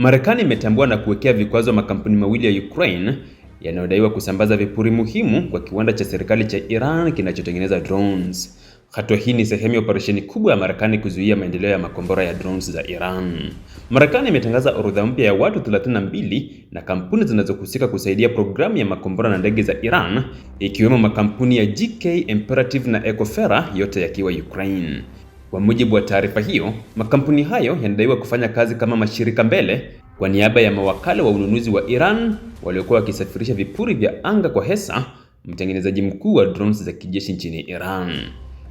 Marekani imetambua na kuwekea vikwazo makampuni mawili ya Ukraine yanayodaiwa kusambaza vipuri muhimu kwa kiwanda cha serikali cha Iran kinachotengeneza drones. Hatua hii ni sehemu ya operesheni kubwa ya Marekani kuzuia maendeleo ya makombora ya drones za Iran. Marekani imetangaza orodha mpya ya watu 32 na kampuni zinazohusika kusaidia programu ya makombora na ndege za Iran, ikiwemo makampuni ya GK Imperative na ecofera yote yakiwa Ukraine. Kwa mujibu wa taarifa hiyo, makampuni hayo yanadaiwa kufanya kazi kama mashirika mbele kwa niaba ya mawakala wa ununuzi wa Iran waliokuwa wakisafirisha vipuri vya anga kwa Hesa, mtengenezaji mkuu wa drones za kijeshi nchini Iran.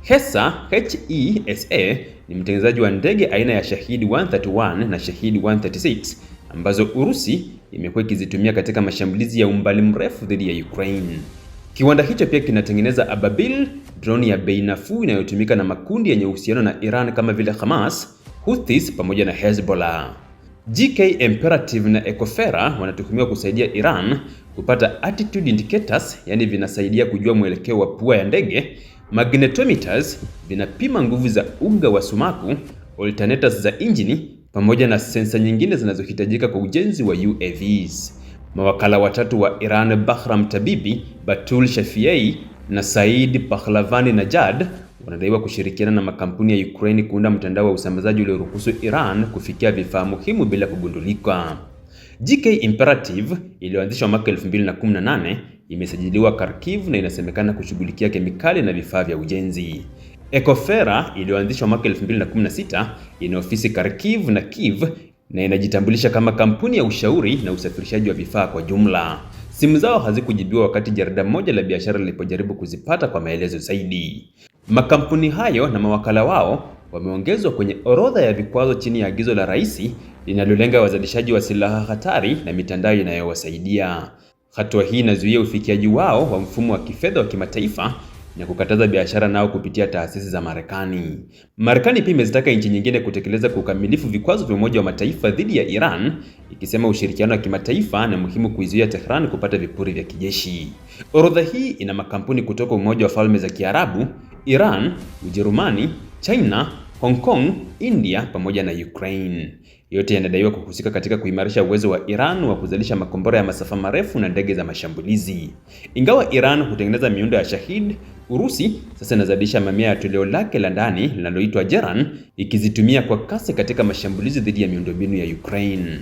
Hesa HESA ni mtengenezaji wa ndege aina ya Shahidi 131 na Shahidi 136 ambazo Urusi imekuwa ikizitumia katika mashambulizi ya umbali mrefu dhidi ya Ukraine. Kiwanda hicho pia kinatengeneza Ababil, droni ya bei nafuu inayotumika na makundi yenye uhusiano na Iran kama vile Hamas, Houthis pamoja na Hezbollah. GK Imperative na Ecofera wanatuhumiwa kusaidia Iran kupata attitude indicators, yani vinasaidia kujua mwelekeo wa pua ya ndege, magnetometers vinapima nguvu za uga wa sumaku, alternators za injini pamoja na sensa nyingine zinazohitajika kwa ujenzi wa UAVs. Mawakala watatu wa Iran, Bahram Tabibi, Batul Shafiei na Said Pahlavani Najad wanadaiwa kushirikiana na makampuni ya Ukraine kuunda mtandao wa usambazaji ulioruhusu Iran kufikia vifaa muhimu bila kugundulika. GK Imperative iliyoanzishwa mwaka 2018 imesajiliwa Kharkiv na inasemekana kushughulikia kemikali na vifaa vya ujenzi. Ecofera iliyoanzishwa mwaka 2016 ina ofisi Kharkiv na Kiev na inajitambulisha kama kampuni ya ushauri na usafirishaji wa vifaa kwa jumla. Simu zao hazikujibiwa wakati jarida moja la biashara lilipojaribu kuzipata kwa maelezo zaidi. Makampuni hayo na mawakala wao wameongezwa kwenye orodha ya vikwazo chini ya agizo la rais linalolenga wazalishaji wa silaha hatari na mitandao inayowasaidia. Hatua hii inazuia ufikiaji wao wa mfumo wa kifedha wa kimataifa na kukataza biashara nao kupitia taasisi za Marekani. Marekani pia imezitaka nchi nyingine kutekeleza kwa ukamilifu vikwazo vya Umoja wa Mataifa dhidi ya Iran, ikisema ushirikiano wa kimataifa ni muhimu kuizuia Tehran kupata vipuri vya kijeshi. Orodha hii ina makampuni kutoka Umoja wa Falme za Kiarabu, Iran, Ujerumani, China, Hong Kong, India pamoja na Ukraine. Yote yanadaiwa kuhusika katika kuimarisha uwezo wa Iran wa kuzalisha makombora ya masafa marefu na ndege za mashambulizi. Ingawa Iran hutengeneza miundo ya Shahid, Urusi sasa inazalisha mamia ya toleo lake la ndani linaloitwa Geran, ikizitumia kwa kasi katika mashambulizi dhidi ya miundombinu ya Ukraine.